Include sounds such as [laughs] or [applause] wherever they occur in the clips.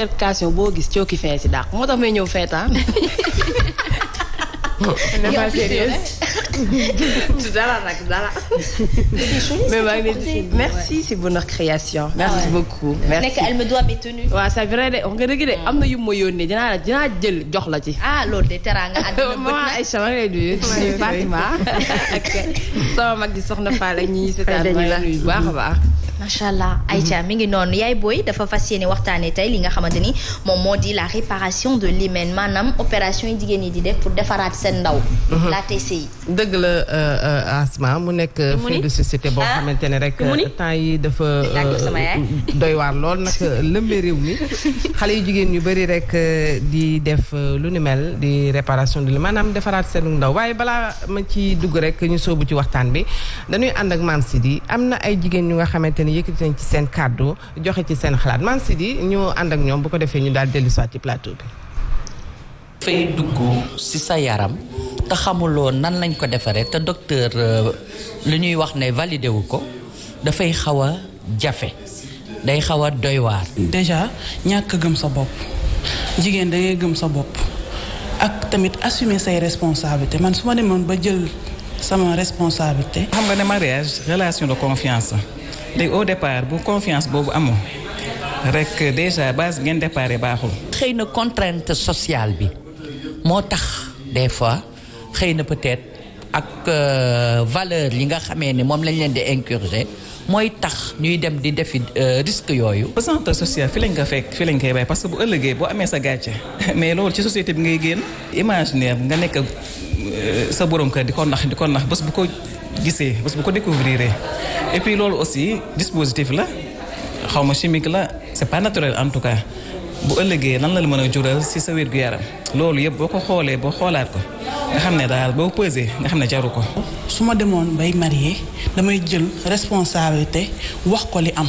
altercation boo gis cooki fee si moo tax may ñëw feetaan. [laughs] du dara nag dara. mais maa ngi leen di merci si Bonheur Création. merci beaucoup merci nekk elle me doit mes tenues. c'est vrai de wax nga dëgg de am na yu ma yónnee dinaa la dinaa jël jox la ci. ah loolu de teraanga [laughs] àddina bët na Aïcha maa ngi ak [laughs] sama mag di soxna Fall ak ñi seetaan maa baax a baax. macha allah Aïcha mi ngi noonu yaay booy dafa fas yéene waxtaanee tey li nga xamante ni moom moo di la réparation de l'hymen maanaam opération yi jigéen ñi di def pour defaraat seen ndaw. Mhm. la TCI. dëgg la euh, euh, asma mu nekk fait de société boo ah, xamante ne rek temps yi dafa euh, [laughs] doy waar lool nag lëmbee réew mi [laughs] xale yu jigéen ñu bëri rek di def lu ni mel di réparation du li maanaam defaraat seenu ndaw waaye balaa ma ci dugg rek ñu soobu ci waxtaan bi dañuy ànd ak Mame di am na ay jigéen ñu nga xamante ne yëkkati nañ ci seen kàddu joxe ci seen xalaat Mame Sidi ñu ànd ak ñoom bu ko defee ñu daal dellu soit ci plateau bi sa yaram te xamuloo nan lañ ko defaree te docteur euh, lu ñuy wax ne validé wu ko dafay xaw a jafe day xaw a doy waar. déjà ñàkk gëm sa bopp jigéen da ngay gëm sa bopp ak tamit assumer say responsabilité man su ma demoon ba jël sama responsabilité. xam nga ne mariage relation de confiance te au départ bu confiance boobu amoo rek déjà base ngeen départ baaxul. xëy na contrainte sociale bi moo tax des fois. xëy na peut-être ak euh, valeur yi nga xamee ne moom lañ leen di inculquer mooy tax ñuy dem di defi euh, risque yooyu. pesanteur sociale fi lañ ko fekk fi lañ koy bàyyi parce que bu ëllëgee boo amee sa gàcce [laughs] mais loolu ci société bi ngay génn imaginaire nga nekk euh, sa borom kër di ko nax di ko nax bés bu ko gisee bés bu ko découvrir et puis loolu aussi dispositif la xaw ma chimique la c'est pas naturel en tout cas. bu ëllëgee lan la mën a jural si sa wér gu yaram loolu yëpp boo ko xoolee boo xoolaat ko nga xam ne daal boo pesé nga xam ne jaru ko. su ma demoon bay marié damay jël responsabilité wax ko li am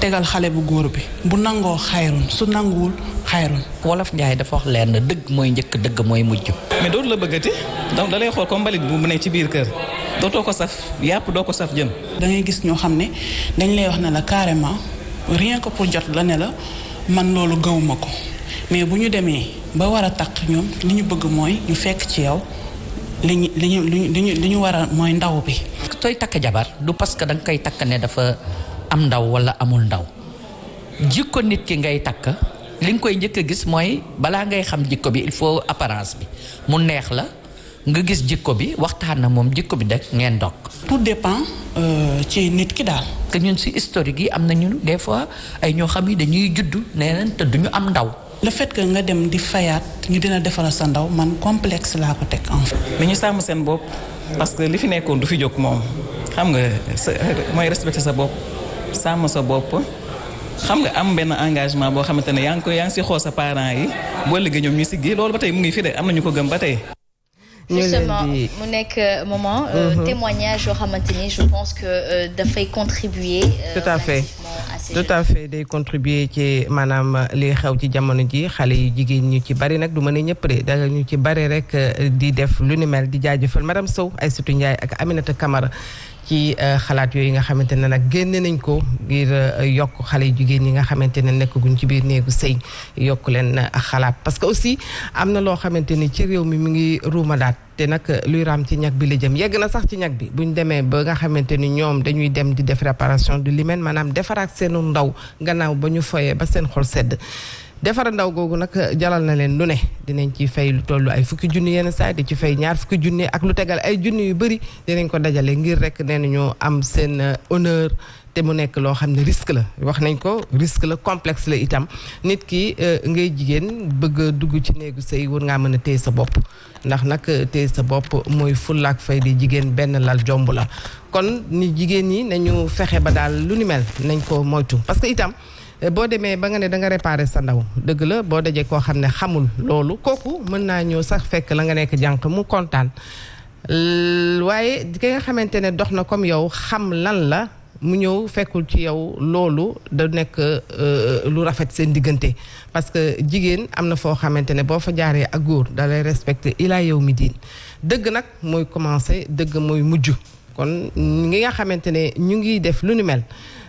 tegal xale bu góor bi bu nangoo xayrun su nanguwul xayrun. wolof Njaay dafa wax leen dëgg mooy njëkk dëgg mooy mujj. mais dootu la bëggati donc da lay xool comme mbalit bu mu ne ci biir kër dootoo ko saf yàpp doo ko saf jën. dangay gis ñoo xam ne dañ lay wax ne la carrément rien que pour jot la ne la. man loolu gawuma ko mais bu ñu demee ba war a taq ñoom li ñu bëgg mooy ñu fekk ci yow li ñu li ñu li ñu li ñu war a mooy ndaw bi. tooy takk jabar du parce que da nga koy takk ne dafa am ndaw wala amul ndaw jikko nit ki ngay takk li nga koy njëkk a gis mooy balaa ngay xam jikko bi il faut apparence bi mu neex la nga gis jikko bi waxtaan na moom jikko bi de ngeen dog tout dépend euh, ci nit ki daal. que ñun si historique yi am na ñu des fois ay ñoo xam yi dañuy juddu nee nañ te duñu am ndaw. le fait que nga dem di fayaat ñu dina defaral sa ndaw man complexe laa ko teg en fait. dañu sàmm seen bopp parce que li fi nekkoon du fi jóg moom xam nga sa mooy respecter sa bopp sàmm sa bopp. xam nga am benn engagement boo xamante ne yaa ngi ko yaa ngi si xool sa parent yi boo liggéey ñoom ñu si loolu ba tey mu ngi fi de am na ñu ko gëm ba tey. justement mu nekk moment. témoignage yoo xamante ni je pense que euh, dafay contribuer. Euh, tout à fait tout à fait day contribuer ci maanaam li xew ci jamono ji xale yu jigéen ñu ci bari nag du ma ne ñëpp de ñu ci bari rek euh, di def lu nu mel di jaajëfal madame Sow Aïssatou Ndiaye ak Aminata kamara ci euh, xalaat yooyu nga xamante ne nag génne nañ ko ngir euh, yokk xale jigéen ñi nga xamante ne nekkaguñ ci biir néegu sëy yokk leen euh, xalaat parce que aussi am na loo xamante ni ci réew mi mu ngi ruumadaat te nag luy raam ci ñag bi la jëm yegg na sax ci ñag bi buñ demee ba nga xamante ni ñoom dañuy dem di def réparation du limen maanaam defaraat seenu ndaw gannaaw ba ñu foyee ba seen xol sedd defar ndaw googu nag eh, jalal na leen lu ne dinañ ci fay lu toll ay fukki junni yenn saa di ci fay ñaar fukki junni ak lu tegal ay junni yu bëri dinañ ko dajale ngir rek nee nañu am seen eh, honneur te mu nekk loo xam ne risque la wax nañ ko risque la complexe la itam nit ki eh, ngay jigéen bëgg dugg ci néegu sëy war ngaa mën a téye sa bopp ndax nag téye sa bopp mooy fullaak fay di jigéen benn lal jomb la kon ni jigéen ñi nañu fexe ba daal lu ni mel nañ ko moytu parce que itam Eh, boo demee ba nga ne danga nga réparer sa ndaw dëgg la boo dajee koo xam ne xamul loolu kooku mën naa ñëw sax fekk la nga nekk jànq mu kontaan waaye ki nga xamante ne dox na comme yow xam lan la mu ñëw fekkul ci yow loolu da nekk euh, lu rafet seen diggante parce que jigéen am na foo xamante ne boo fa jaaree ak góor da lay respecté ilaa yow mi diin dëgg nag mooy commencé dëgg mooy mujj kon ñi nga xamante ne ñu ngi def lu ni mel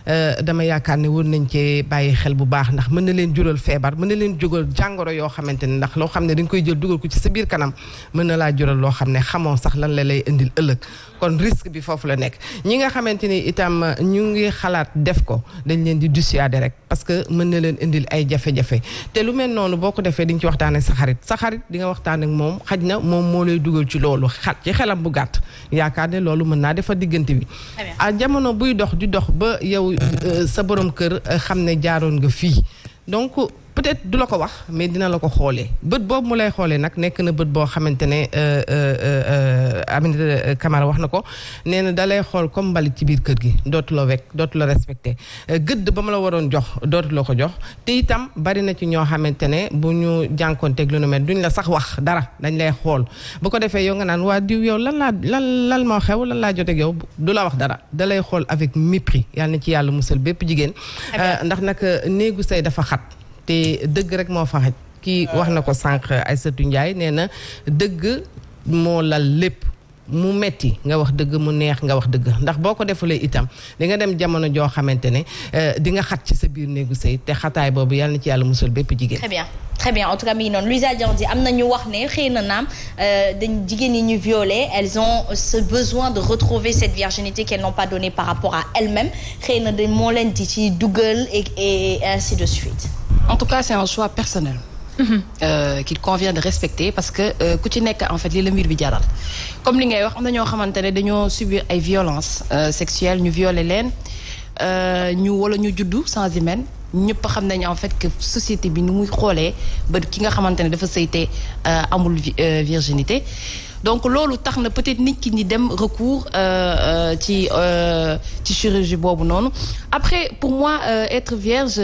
euh, dama yaakaar ne war nañ cee bàyyi xel bu baax ndax mën na leen jural feebar mën na leen jugal jàngoro yoo xamante ne ndax loo xam ne dañ koy jël dugal ko ci sa biir kanam mën na laa jural loo xam ne xamoo sax lan la lay indil ëllëg kon risque bi foofu la nekk ñi nga xamante ni itam ñu ngi xalaat def ko dañ leen di dissuader rek parce que mën na leen indil ay jafe-jafe te lu mel noonu boo ko defee di ci waxtaan ak saxarit xarit sa xarit nga waxtaan moom xaj na moom moo lay dugal ci loolu xat ci xelam bu gàtt defar diggante bi ah jamono buy dox di dox ba yow euh, sa borom kër euh, xam ne jaaroon nga fii donc peut-être du la ko wax mais dina la ko xoolee bët boobu mu lay xoolee nag nekk na bët boo xamante ne euh, euh, euh, Aminata Camara wax na ko nee na da lay xool comme mbalit ci biir kër gi dootu la wekk dootu la respecté gëdd ba mu la waroon jox dootu ko jox te itam bari na ci ñoo xamante ne bu ñu jànkoonteeg lu nu mel duñ la sax wax dara dañ lay xool bu ko defee yow nga naan waa diw yow lan laa lan lan moo xew lan laa joteeg yow du la wax dara dalay lay xool avec mépris yàlla na ci yàlla musal bépp jigéen ndax nag néegu say dafa xat te dëgg rek moo fa xaj kii wax na ko sànq Aïssatou Ndiaye nee na dëgg moo lal lépp mu metti nga wax dëgg mu neex nga wax dëgg ndax boo ko defulee itam di nga dem jamono joo xamante ne eh, di nga xat ci sa biir néegu sëy te xataay boobu yàlla na ci yàlla musul bépp jigéen. très bien très bien en tout cas mi ngi noonu Luisa Diandi am na ñu wax ne xëy na naam eh, dañ jigéen yi ñu violé elles ont ce besoin de retrouver cette virginité qu'elles n'ont pas donnée par rapport à elles xëy na dañ moo leen di ci dugal et et en tout cas c'est un choix personnel mhm. Euh, qu'il convient de respecter parce que euh, ku ci nekk en fait li la mbir bi jaral comme li ngay wax am na ñoo xamante ne dañoo subir ay violences euh, sexuelles ñu viole leen euh, ñu wala ñu juddu sans hymen ñëpp xam nañ en fait que société bi nu muy xoolee ba ki nga xamante ne dafa sëyte amul virginité donc loolu tax na peut-être nit ki ñi dem recours euh, euh, ci euh, ci chirurgie boobu noonu après pour moi être vierge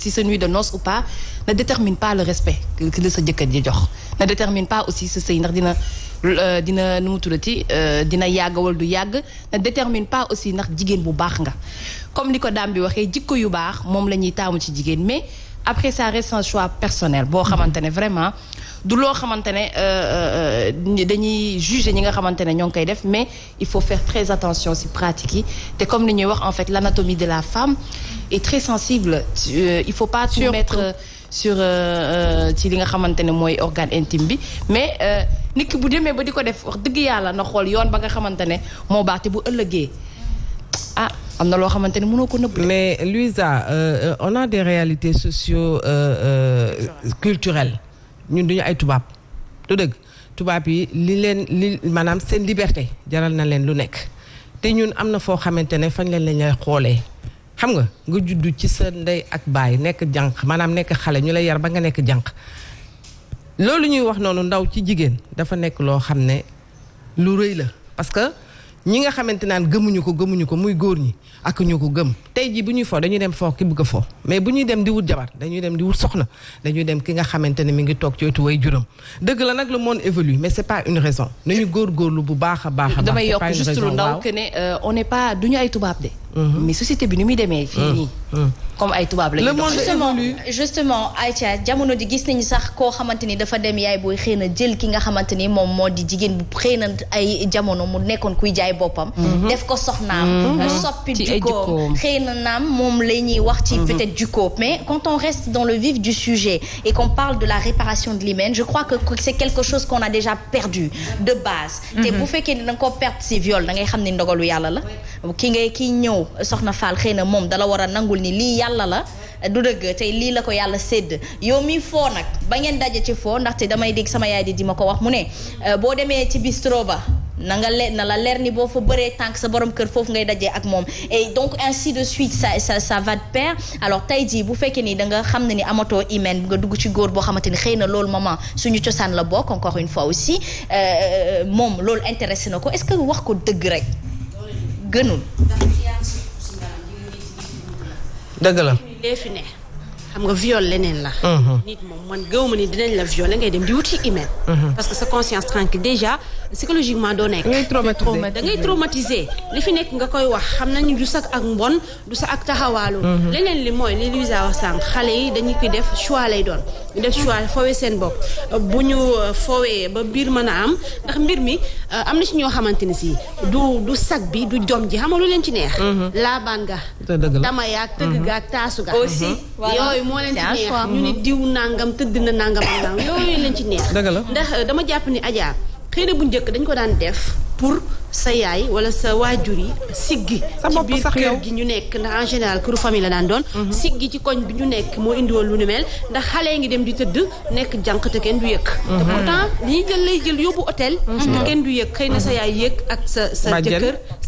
si c'est nuit de noces ou pa ne détermine pas le respect ki la sa jëkkër ji jox ne détermine pas aussi sa sëy ndax dina dina nu mu tuddati dina yàgg wala du yàgg ne détermine pas aussi ndax jigéen bu baax nga comme ni ko daam bi waxee jikko yu baax moom la ñuy taamu ci jigéen mais après ça reste un choix personnel boo xamante ne vraiment du loo xamante ne euh, euh, euh, dañuy juger ñi nga xamante ne ñoo ngi koy def mais il faut faire très attention ci pratique yi te comme li ñuy wax en fait l'anatomie de la femme est très sensible il faut pas tout mettre sur ci li nga xamante ne mooy organe intime bi mais nit ki bu demee ba di ko def wax dëgg yàlla na xool yoon ba nga xamante ne moo baax te bu ëllëgee ah, am na loo xamante ni mënoo ko nëbb. mais Luisa euh, euh, on a des réalités socio euh, euh, culturelles ñun duñu ay tubaab du dëgg tubaab yi li leen li maanaam seen liberté jaral na leen lu nekk te ñun am na foo xamante ne fañ leen lañ lay xoolee. xam nga nga juddu ci sa ndey ak baay nekk jànq maanaam nekk xale ñu la yar ba nga nekk jànq loolu ñuy wax noonu ndaw ci jigéen dafa nekk loo xam ne lu rëy la ñi nga xamante naan gëmuñu ko gëmuñu ko muy góor ñi ak ñu ko gëm tey jii bu ñuy fo dañuy dem fo ki bëgg a mais bu ñuy dem di wut jabar dañuy dem di wut soxna dañuy dem ki nga xamante ne mi ngi toog ci wetu way juróom dëgg la nag le monde évolue mais c' pas une raison nañu góorgóorlu bu baax a baax a baax damay yokk juste lu ndaw que ne euh, on n'est pas duñu ay tubaab de Mm-hmm. mais société bi ni muy demee. fii mm-hmm. Mm-hmm. comme ay tubaab la ñu. justement justement Aïcha jamono ji gis nañu sax koo xamante ni dafa dem yaay booy xëy na jël ki nga xamante ni moom moo di jigéen bu xëy na ay jamono mu nekkoon kuy jaay boppam. def ko soxnaam. soppi jikkoom xëy na naam moom la ñuy wax ci peut-être jikko mais quand on reste dans le vif du sujet et qu'on parle de la réparation de l'hymen je crois que c'est quelque chose qu'on a déjà perdu de base. te bu fekkee ne da nga koo perte si ngay xam ne ndogalu yàlla la ki ngay kiy ñëw. yow soxna Fall xëy na moom dala war a nangul ni lii yàlla la du dëgg tey lii la ko yàlla sédd yow mi foo nag ba ngeen daje ci foo ndaxte damay dégg sama yaay di di ma ko wax mu ne euh, boo demee ci bistro ba na nga leer na la leer ni boo fa bëree tànk sa boroom kër foofu ngay dajee ak moom et donc ainsi de suite ça sa ça va de pair alors tey jii bu fekkee nii danga xam ne ni amatoo hymen nga dugg ci góor boo xamante ni xëy na loolu maman suñu cosaan la bokk encore une fois aussi euh, moom loolu intéressé na ko est-ce que wax ko dëgg rek dëgg la. xam nga viol leneen la. Mhm. nit moom man gëw ma ni dinañ la violer ngay dem di wuti email. Mhm. parce que sa conscience tranquille déjà psychologiquement doo nekk. da ngay li fi nekk nga koy wax xam na nañu du sax ak mbon du sax ak taxawaalu. Mhm. leneen li mooy li Luisa wax sànq xale yi dañu koy def choix lay doon. ñu def choix foowee seen bopp bu ñu euh, foowee ba mbir man a am ndax mbir mi euh, am na ci ñoo xamante ni si du du sag bi du jom ji xam lu leen ci neex. laabaan ga. dama yaag tëgg ga ak taasu ga. moo leen ci neex ñu ne diw nangam tëdd na nangam ak nangam yooyu leen ci neex. dëgg la ndax dama jàpp ni Adja xëy na bu njëkk dañ ko daan def pour. sa yaay wala sa waajur yi siggi ci biir kër gi ñu nekk ndax en général këru famille la daan doon mhm. siggi ci koñ bi ñu nekk moo indi lu ni mel ndax xale ngi dem di tëdd nekk jànq te kenn du yëg mhm. te pourtant dañuy jël lay jël yóbbu hôtel mhm. na sa yaay yëg ak sa sa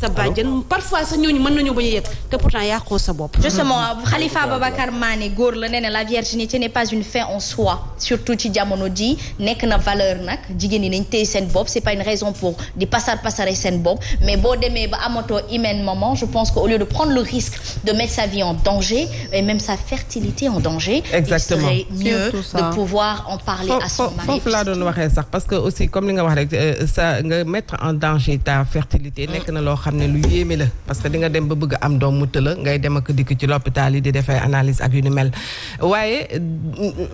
sa bàjjen parfois sa mën nañoo bañ a yëg te pourtant yàqoo sa bopp justement Khalifa Babacar Mané góor la nee na la ci n'est pas une fin en soi surtout ci jamono ji nekk na valeur nag jigéen ñi nañ téye seen bopp c'est pas une raison pour di pasar pasare seen saison boobu mais boo demee ba amatoo humainement je pense que au lieu de prendre le risque de mettre sa vie en danger et même sa fertilité en danger. il serait mieux de pouvoir en parler à son mari waxee sax parce que aussi comme li nga wax rek sa euh, nga mettre en danger ta fertilité. Mm. nekk na loo xam ne lu yéeme la parce que di nga dem ba bëgg am doom mu tëla ngay dem ak dikk ci l'hôpital yi di defee analyse ak ni mel waaye.